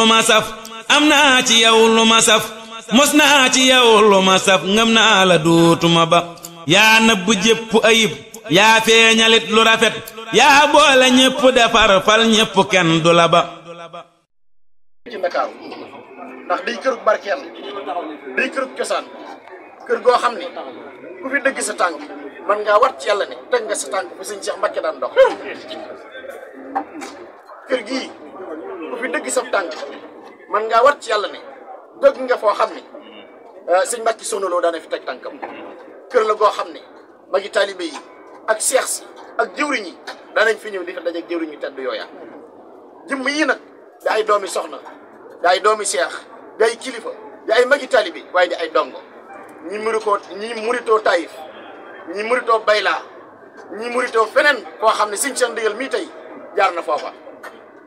lu ma saf am naa ci yow lu mos naa ci yow lu ma saf ngëm naa la dootuma ba yaa nëbb jëpp ayib yaa feeñalit lu rafet yaa boole ñëpp defar fal ñëpp kenn du la ba ndax day kërug barkeel day kërug goo xam ne ku fi dëgg sa fi dëgg saf tànk man ngaa war ci yàlla ne dëgg nga foo xam ne eh, sëñ Mbàkke Soxna Lo daana fi teg tànkam kër la goo xam ne magi taalibe yi ak seex si ak jëwriñ yi daanañ fi ñëw di fa dajeeg jëwriñ yi tedd yooya jëmm yii nag da ay doomi soxna da ay doomi seex da ay kilifa da ay magi taalibe waaye di ay dongo ñi murikoo ñi muritoo Taïf ñi muritoo Bayla ñi muritoo feneen koo xam ne sëñ seen mi tey jaar na foofa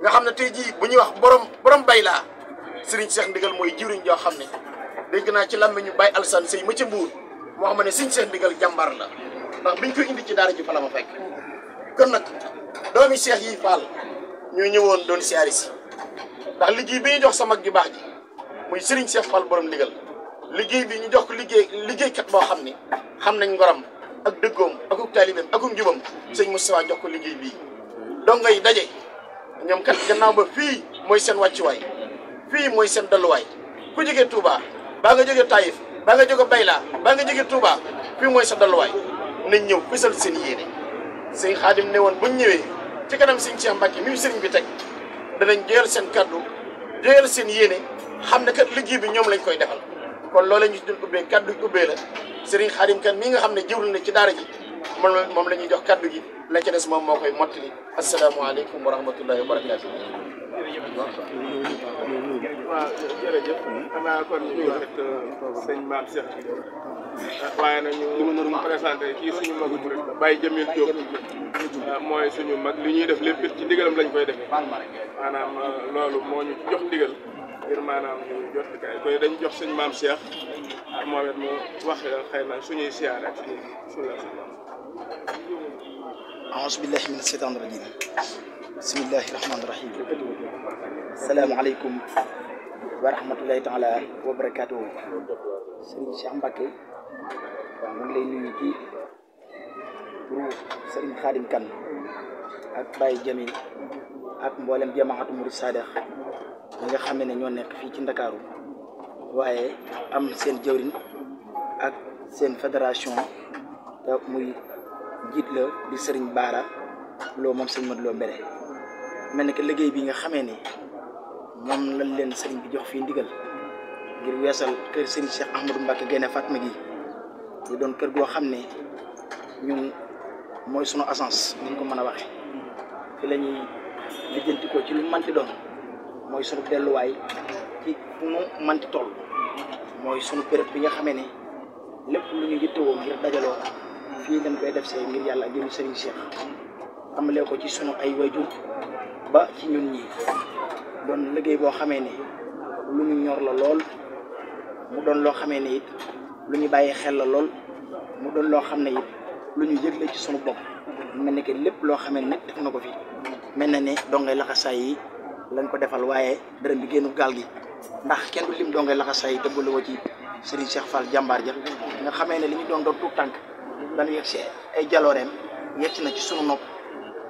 nga xam ne tey jii bu ñuy wax borom borom bay laa Serigne Cheikh Ndigal mooy jëwriñ joo xam ne dégg naa ci làmmiñu Baye ñu bay ma ca Mbuur moo xam ne Serigne Cheikh Ndigal jàmbaar la ndax biñ koy indi ci daara ji fala la ma fekk. kon nag doomi Cheikh yi Fall ñoo ñëwoon doon siyaare si ndax liggéey bi ñu jox sa mag ju baax ji muy Serigne Cheikh Fall borom ndigal liggéey bi ñu jox liggéey liggéeykat boo xam ne xam nañ ngoram ak dëggoom akuk taalibeem akum jubam sëñ Moustapha jox ko liggéey bii dongo yi daje. ñoom kat gannaaw ba fii mooy seen wàccuwaay fii mooy seen dalluwaay ku jógee Touba baa nga jógee tayif baa nga jógee Bayla baa nga jógee Touba fii mooy sa dalluwaay nañ ñëw fësal seen yéene sëñ Xaadim ne woon buñ ñëwee ci kanam sëñ Cheikh Mbacke mi sëriñ bi teg danañ jëyal seen kaddu jëyal seen yéene xam ne kat liggéey bi ñoom lañ koy defal kon loolee ñu doon ubbee kaddu ubbee la sëriñ Xaadim kan mii nga xam ne jiwlu na ci daara ji moom la moom la ñuy jox kaddu gi la ca des moom moo koy mottali asalaamaaleykum wa rahmatullahi wa barakaatu. waaw jërëjëf xanaa kon ñu ngi wax ak sëñ Mame Cheikh waaye nag ñu présenté kii suñu mag murit Baye Jamil Diop mooy suñu mag li ñuy def lépp ci ndigalam lañ koy defee maanaam loolu moo ñu jox ndigal ngir maanaam ñu jot kay koy dañ jox sëñ Mame Cheikh moom it wax xëy na suñuy siyaar ak suñuy suñu aouzu billahi bismillahi rahmaani rahim salaamaaleykum wa rahmatullahi taala wa barakaatuhu sëriñ Cheikh Mbacke mu ngi lay nuyu ci turu sëriñ Xaadim Kan ak Baye Jamil ak mboolem jamaatu murid saadix ñi nga ne ñoo nekk fii ci Ndakaaru waaye am seen jëwriñ ak seen fédération muy njiit la di sëriñ Baara loo moom sëñ Modou Lo Mbéré mel ni que liggéey bi nga xamee ni moom lañ leen sëriñ bi jox fii ndigal ngir weesal kër sëriñ Cheikh Ahmadou Mbacke Gaïndé ma gi di doon kër goo xam ne ñun mooy sunu agence ni ñu ko mën a waxe fi la ñuy lijjanti ko ci lu manti doon mooy sunu delluwaay ci mu manti toll mooy sunu béréb bi nga xamee ni lépp lu ñu yittewoo ngir dajaloo fii lañ koy def see ngir yàlla ak jëm Serigne Cheikh amalee ko ci sunu ay wajur ba ci ñun ñii doon liggéey boo xamee ne lu ñu ñor la lool mu doon loo xamee ne it lu ñu bàyyi xel la lool mu doon loo xam ne it ñu yëgle ci sunu bopp mel ne lépp loo xamee ne def na ko fi mel na ne dongay laxasaay yi lañ ko defal waaye dërëm bi génnu gaal gi ndax kenn du lim dongay say yi dëgg la ci Serigne Cheikh Fall jàmbaar ja nga xamee ne li ñu doon doon tuut tànk ba nu si ay jalooreem yegg na ci sunu nopp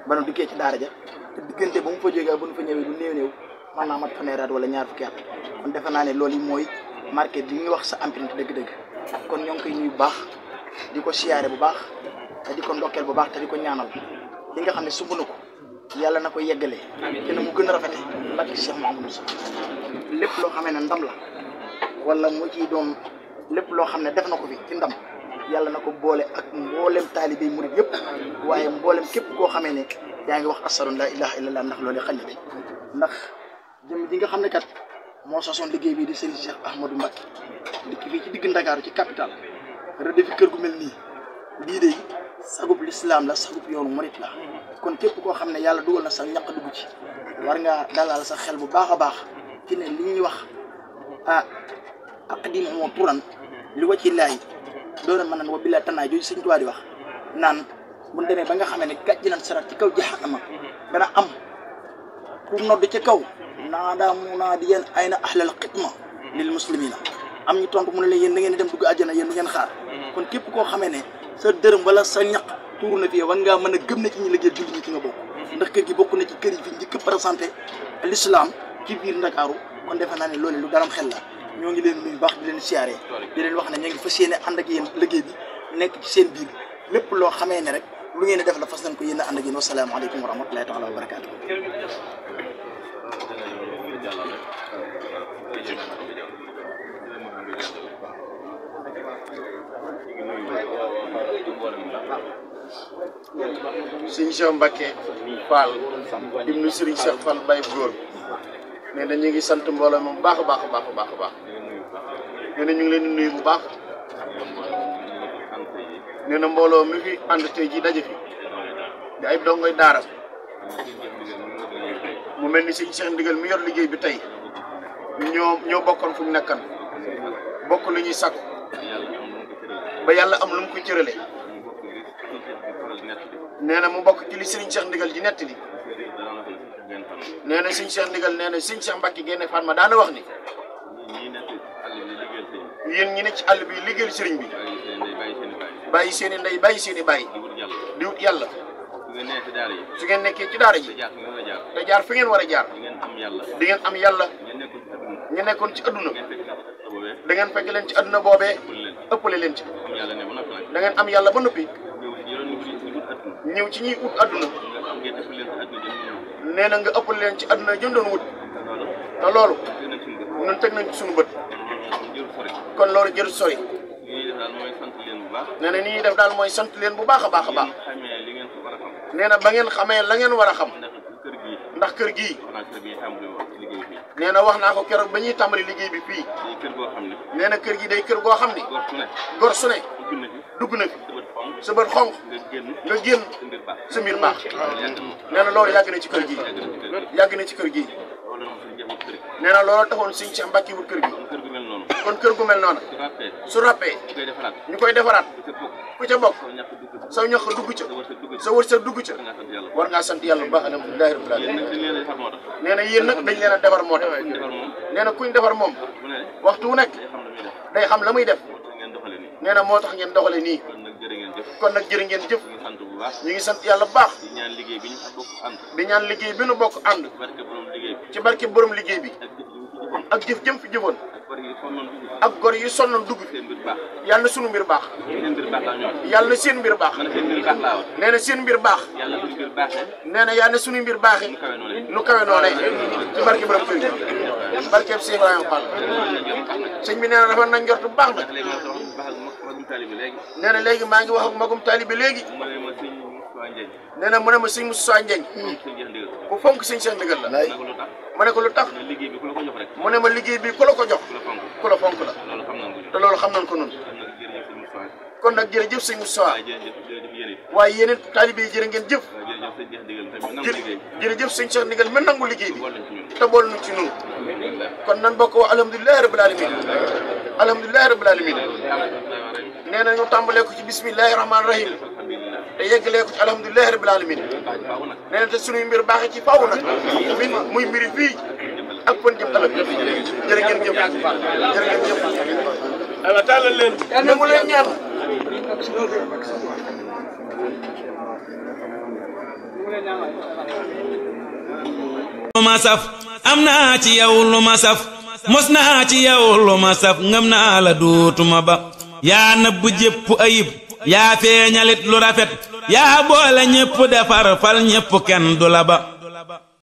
ba nu duggee ci daara ja te diggante ba mu fa jógee bu nu fa ñëwee du néew néew mën naa mat fanweeri at wala ñaar fukki at kon defe naa ne loolu yi mooy marqué bi ñuy wax sa empreinte dëgg-dëgg kon ñoo ngi koy nuyu bu baax di ko siyaare bu baax ta di ko ndokkeel bu baax te di ko ñaanal li nga xam ne sumb ko yàlla na ko yeggalee te na mu gën a rafete barke Cheikh Mouhamadou lépp loo xamee ne ndam la wala mu ciy doon lépp loo xam ne def na ko fi ci ndam yàlla na ko boole ak mboolem taalibe murit yëpp waaye mboolem képp koo xamee ne yaa ngi wax asadu laa ilaha illallah ndax loolu xañ bi ndax jëm ji nga xam ne kat moo sosoon liggéey bii di Serigne Cheikh Ahmadou Mbacké dikk fii ci digg Ndakaaru ci capital de fi kër gu mel nii lii de sagub lislaam la sagub yoonu murit la kon képp koo xam ne yàlla dugal na sa ñaq dugg ci war ngaa dalal sa xel bu baax a baax ci ne li ñuy wax ah aqdim moo turan li laay doona mën nan wa bilaa tanaay jooju sëñ Tuubaa di wax naan bu demee ba nga xamee ne gàjji nañ sarat ci kaw jaxanama dana am ku nodd ca kaw naa daa mu naa di yéen ay na ahlal xidma lil muslimina am ñu tontu mu ne la yéen da ngeen dem dugg àjjana yéen du ngeen xaar kon képp koo xamee ne sa dërëm wala sa ñaq tuuru na fi war ngaa mën a gëm na ci ñi liggéey julli ñi ci nga bokk ndax kër gi bokk na ci kër yi fi njëkk présenté l'islam ci biir Ndakaaru kon defe naa ne loolu lu daram xel la ñoo ngi leen nuyu baax di leen siyaare di leen wax ne ñoo ngi fas yéene ànd ak yéen bi nekk ci seen biir lépp loo xamee ne rek lu ngeen def la fas nañ ko yéen a ànd ak yéen wasalaamaaleykum wa rahmatulahi taala wa barakaatu sëñ Cheikh Mbacke Fall ibnu sëriñ Cheikh Fall Baye Góor nee na ñu ngi sant mbooloo moom baax a baax a baax a baax a baax nee na ñu ngi leen di nuyu bu baax nee na mbooloo mi fi ànd tey ji daje fi di ay dongoy daara mu mel ni sëñ Cheikh Ndigal mi yor liggéey bi tey ñoo ñoo bokkoon fu mu nekkan bokk lu ñuy sakku ba yàlla am lu mu ko cërale nee na mu bokk ci li sëriñ Cheikh Ndigal ji nettali nee na suñ Cheikh ndigal nee na suñ Cheikh Mbacke génne Fatma daana wax ni. yéen ñi ne ci àll bi liggéeyal sëriñ bi. bàyyi seen ndey bàyyi seen i bàyyi. di wut yàlla. su ngeen nekkee ci daara ji. te jaar fi ngeen war a jaar. di ngeen am yàlla. ñu nekkoon ci adduna. dangeen ngeen fekk leen ci àdduna boobee. ëppale leen ci. da am yàlla ba noppi. ñëw ci ñiy ut adduna. nee na nga ëppal leen ci àdduna jëm wut te loolu ñun teg nañ ci suñu bët kon loolu jërut sori nee na ni ñuy def daal mooy sant leen bu baax a baax a baax na ba ngeen xamee la ngeen war a xam ndax kër gii nee na wax naa ko keroog ba ñuy tàmbali liggéey bi fii nee na kër gi day kër goo xam ne gor su dugg na sa bët xonq nga génn sa mbir baax nee na loolu yàgg na ci kër gi yàgg na ci kër gi nee na loolu taxoon suñ Cheikh Mbacke wut kër gi kon kër gu mel noonu su rappee ñu koy defaraat ku a bokk sa ñax dugg ca sa wërsëg dugg ca war ngaa sant yàlla bu baax alhamdulilah rabbil alamin nee na yéen nag dañ leen defar moo tax nee na kuñ defar moom waxtu wu nekk day xam la muy def nee na moo tax ngeen doxale nii kon nag jërë ngeen jëf. ñu ngi bu baax ñu ngi sant yàlla bu baax. di ñaan liggéey bi di ñaan liggéey bi ñu bokk ànd. ci barke borom liggéey bi. ci barke borom liggéey bi. ak jëf jëm jëfoon. ak gor yi sonnoon dugg yàlla sunu mbir baax yàlla na seen mbir baax nee na seen mbir baax nee na yàlla na sunu mbir baaxee nu kawe ci barke borom kër barkeeb Cheikh Ibrahima Fall sëñ bi nee na dafa nañ njort bu baax nag nee na léegi maa ngi wax ak magum taalibe léegi nee na mu ne ma sëñ Moussa Ndiagne ku fonk sëñ Cheikh ndigal la ma ne ko lu tax mu ne ma liggéey bi ku la ko jox ku la fonk la te loolu xam nañ ko noonu kon nag jërëjëf sëñ a waaye yeneen taalibe yi jërë jëf jërëjëf sëñ Cheikh ndigal mi nangu liggéey bi te bool nañ ci noonu kon nan bokk wax alhamdulilahi rabil alamin alhamdulilahi rabil alamin nee na ñu tàmbalee ko ci bismillahi rahmaani rahim te yeggalee ko ci alhamdulilahi rabil alamin nee na te sunuy mbir ci faaw nag min muy mbiri fii ak fën jëm ëllëg jërë ngeen am naa ci yow lu ma saf mos naa ci yow lu ma saf ngëm aa la duutuma ba yaa nëbb jépp yaa feeñalit lu rafet yaa boole ñépp defar fal ñépp kenn du la ba